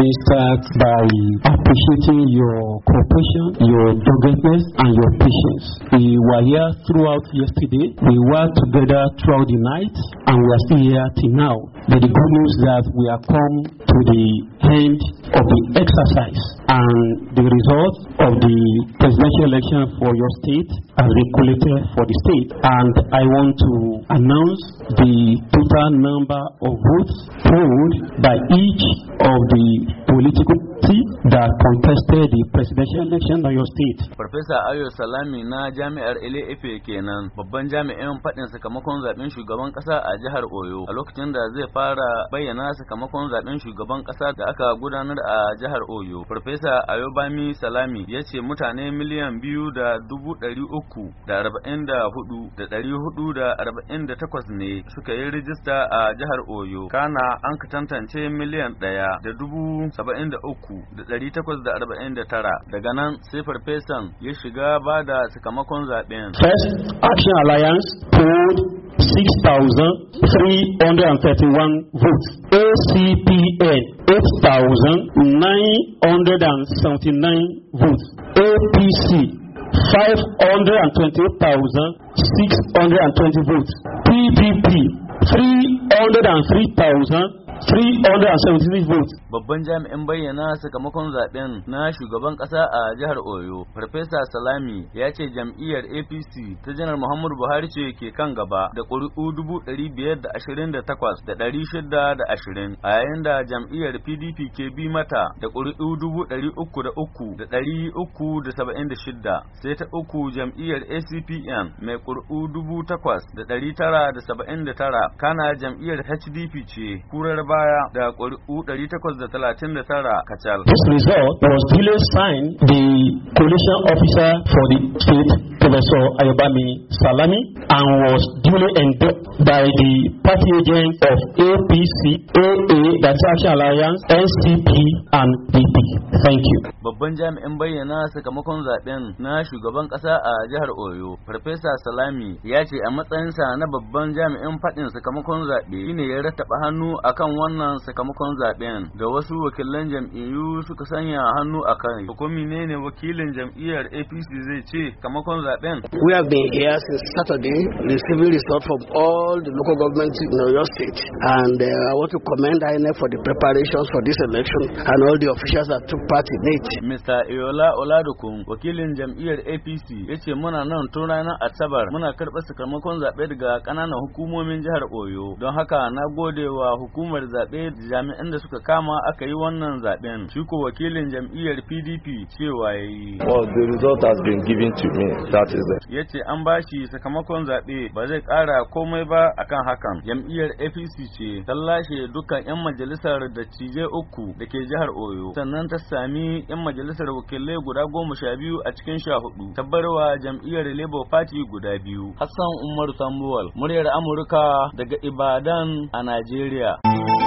We start by appreciating your cooperation, your doggedness, and your patience. We were here throughout yesterday. We were together throughout the night, and we are still here till now. But the good news that we have come to the end of the exercise and the results of the presidential election for your state the recorded for the state. And I want to announce the total number of votes polled by each of the political tea that contested the presidential election of your state. Professor Ayo Salami na jami'ar Ile-Ife kenan babban jami'in faɗin sakamakon zaben shugaban ƙasa a jihar Oyo a lokacin da zai fara bayyana sakamakon zaben shugaban ƙasa da aka gudanar a jihar Oyo. Ayo Ayobami Salami ya ce mutane miliyan biyu da dubu ɗari uku da arba'in da hudu da ɗari hudu da arba'in da takwas ne suka yi rijista a jihar Oyo. Kana an ka tantance miliyan ɗaya da dubu 73,849 daga nan sai farfesan ya shiga ba da sakamakon zaben. First Action Alliance polled 6,331 votes. ACPN 8,979 votes. APC 528,620 votes. PPP 303,000 373 votes. Babban jami'in bayyana sakamakon zaben na shugaban kasa a jihar Oyo, Farfesa Salami ya ce jam'iyyar APC ta janar Muhammadu Buhari ce ke kan gaba da ƙuri'u 528,620 a yayin da jam'iyyar PDP ke bi mata da ƙuri'u 303,376 sai ta uku jam'iyyar ACPN mai ƙuri'u 8,979 kana jam'iyyar HDP ce kurar baya da ƙuri'u 839 kacal. This result was duly signed the coalition officer for the state Professor Ayobami Salami and was duly endorsed by the party agents of APC, AA, the Action Alliance, NCP and PP. Thank you. Babban jami'in bayyana sakamakon zaɓen na shugaban ƙasa a jihar Oyo, Farfesa Salami ya ce a matsayinsa na babban jami'in faɗin sakamakon zaɓe shine ya rattaba hannu akan wannan sakamakon zaben da wasu wakilan jam'iyyu suka sanya hannu a kan hukumi ne ne wakilin jam'iyyar APC zai ce sakamakon zaben we have been here since Saturday receiving results from all the local governments in Oyo state and uh, I want to commend INEC for the preparations for this election and all the officials that took part in it Mr. Iola Oladokun wakilin jam'iyyar APC yace muna nan tun ranar Asabar muna karɓar sakamakon zaɓe daga ƙananan hukumomin jihar Oyo don haka na gode wa hukumar zaɓe jami'an da suka kama aka yi wannan zaɓen. Shi ko wakilin jam'iyyar PDP cewa ya yi. Well, the result has been given to me. That is it. Ya ce an ba shi sakamakon zaɓe ba zai ƙara komai ba akan hakan. Jam'iyyar APC ce ta lashe dukkan 'yan majalisar da cije uku da ke jihar Oyo. Sannan ta sami 'yan majalisar wakilai guda goma sha biyu a cikin sha hudu. Tabbarwa jam'iyyar Labour Party guda biyu. Hassan Umaru Tambuwal, muryar Amurka daga Ibadan a Najeriya.